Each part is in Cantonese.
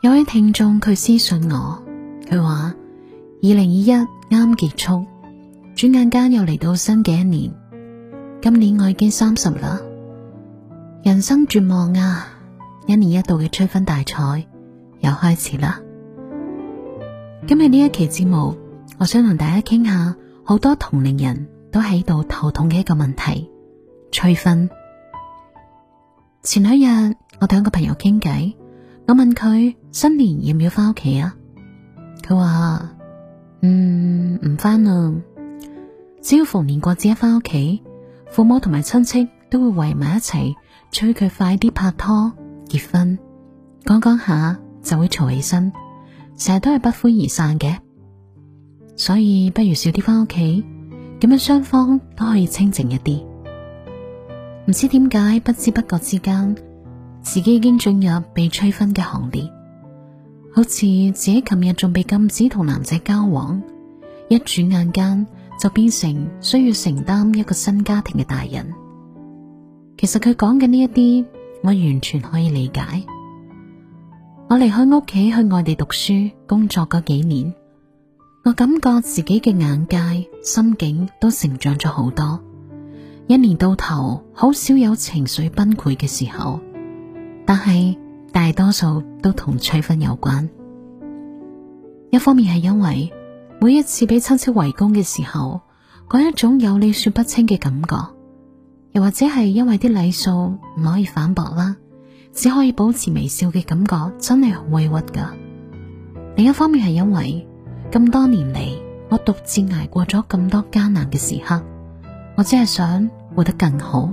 有位聽眾佢私信我，佢話：二零二一啱結束，轉眼間又嚟到新嘅一年。今年我已經三十啦，人生絕望啊！一年一度嘅催婚大賽又開始啦。今日呢一期節目，我想同大家傾下好多同齡人都喺度頭痛嘅一個問題：催婚。前兩日我同一個朋友傾偈。我問佢新年要唔要翻屋企啊？佢話：嗯，唔翻啦。只要逢年過節一翻屋企，父母同埋親戚都會圍埋一齊，催佢快啲拍拖結婚，講講下就會嘈起身，成日都係不歡而散嘅。所以不如少啲翻屋企，咁樣雙方都可以清靜一啲。唔知點解不知不覺之間。自己已經進入被催婚嘅行列，好似自己琴日仲被禁止同男仔交往，一轉眼間就變成需要承擔一個新家庭嘅大人。其實佢講嘅呢一啲，我完全可以理解。我離開屋企去外地讀書、工作過幾年，我感覺自己嘅眼界、心境都成長咗好多。一年到頭，好少有情緒崩潰嘅時候。但係大多數都同催婚有關。一方面係因為每一次俾親戚圍攻嘅時候，嗰一種有理說不清嘅感覺；又或者係因為啲禮數唔可以反駁啦，只可以保持微笑嘅感覺，真係好委屈㗎。另一方面係因為咁多年嚟，我獨自挨過咗咁多艱難嘅時刻，我只係想活得更好，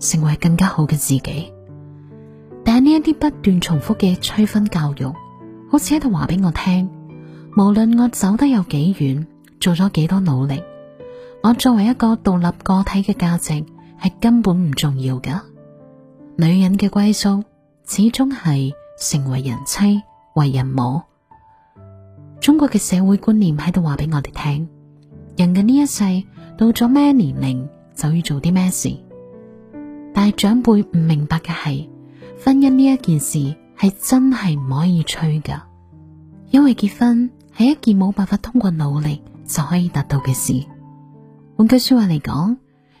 成為更加好嘅自己。呢一啲不斷重複嘅催婚教育，好似喺度話俾我聽，無論我走得有幾遠，做咗幾多努力，我作為一個獨立個體嘅價值係根本唔重要㗎。女人嘅歸宿始終係成為人妻、為人母。中國嘅社會觀念喺度話俾我哋聽，人嘅呢一世到咗咩年齡就要做啲咩事。但係長輩唔明白嘅係。婚姻呢一件事係真係唔可以催噶，因為結婚係一件冇辦法通過努力就可以達到嘅事。換句說話嚟講，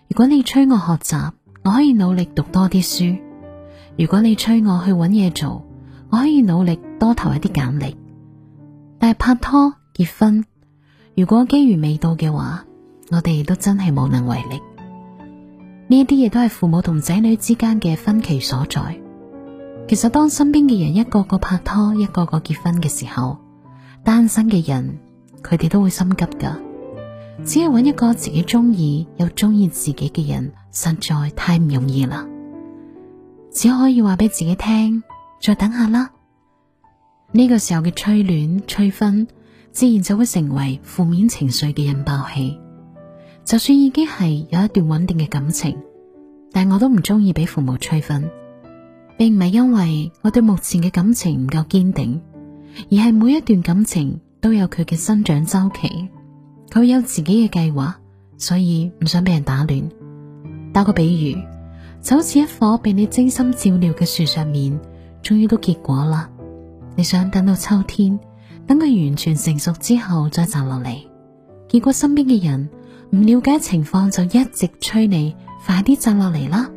如果你催我學習，我可以努力讀多啲書；如果你催我去揾嘢做，我可以努力多投一啲簡歷。但係拍拖結婚，如果機遇未到嘅話，我哋都真係無能為力。呢啲嘢都係父母同仔女之間嘅分歧所在。其實當身邊嘅人一個個拍拖、一個個結婚嘅時候，單身嘅人佢哋都會心急噶。只要搵一個自己中意又中意自己嘅人，實在太唔容易啦。只可以話俾自己聽，再等下啦。呢、這個時候嘅催戀催婚，自然就會成為負面情緒嘅引爆器。就算已經係有一段穩定嘅感情，但我都唔中意俾父母催婚。並唔係因為我對目前嘅感情唔夠堅定，而係每一段感情都有佢嘅生長週期，佢有自己嘅計劃，所以唔想俾人打亂。打個比喻，就好似一棵被你精心照料嘅樹，上面終於都結果啦。你想等到秋天，等佢完全成熟之後再摘落嚟。結果身邊嘅人唔了解情況，就一直催你快啲摘落嚟啦。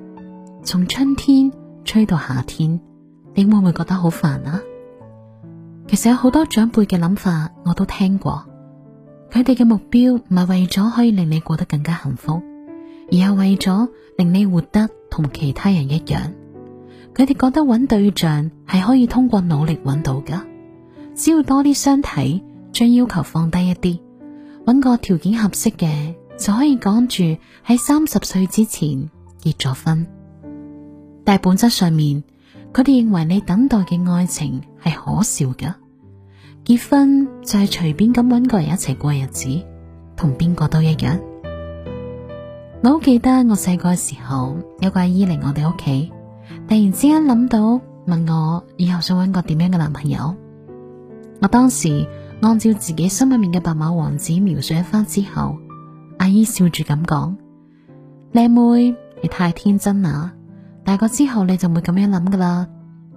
從春天，吹到夏天，你會唔會覺得好煩啊？其實有好多長輩嘅諗法，我都聽過。佢哋嘅目標唔係為咗可以令你過得更加幸福，而係為咗令你活得同其他人一樣。佢哋覺得揾對象係可以通過努力揾到㗎，只要多啲相睇，將要求放低一啲，揾個條件合適嘅就可以趕住喺三十歲之前結咗婚。但係本質上面，佢哋認為你等待嘅愛情係可笑㗎。結婚就係隨便咁搵個人一齊過日子，同邊個都一樣。我好記得我細個嘅時候，有個阿姨嚟我哋屋企，突然之間諗到問我以後想搵個點樣嘅男朋友。我當時按照自己心入面嘅白馬王子描述一番之後，阿姨笑住咁講：靚妹，你太天真啦！大個之後你就唔會咁樣諗噶啦，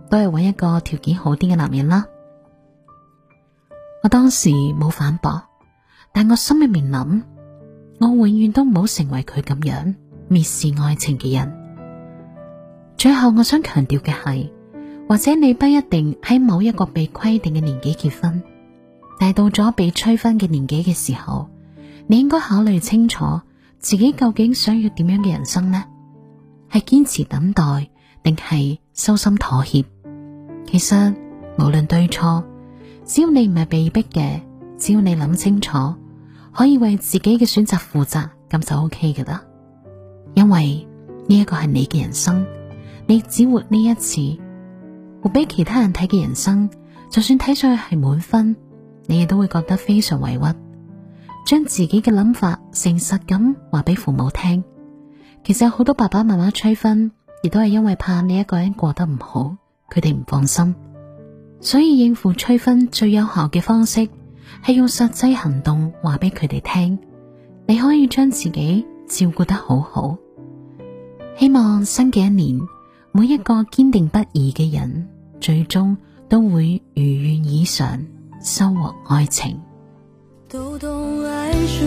都係搵一個條件好啲嘅男人啦。我當時冇反駁，但我心裏面諗，我永遠都唔好成為佢咁樣蔑視愛情嘅人。最後我想強調嘅係，或者你不一定喺某一個被規定嘅年紀結婚，但到咗被催婚嘅年紀嘅時候，你應該考慮清楚自己究竟想要點樣嘅人生呢？係堅持等待，定係收心妥協？其實無論對錯，只要你唔係被逼嘅，只要你諗清楚，可以為自己嘅選擇負責，咁就 O K 㗎啦。因為呢一個係你嘅人生，你只活呢一次，活俾其他人睇嘅人生，就算睇上去係滿分，你亦都會覺得非常委屈。將自己嘅諗法誠實咁話俾父母聽。其實有好多爸爸媽媽催婚，亦都係因為怕你一個人過得唔好，佢哋唔放心。所以應付催婚最有效嘅方式係用實際行動，話俾佢哋聽，你可以將自己照顧得好好。希望新嘅一年，每一個堅定不移嘅人，最終都會如願以償，收穫愛情。都懂愛是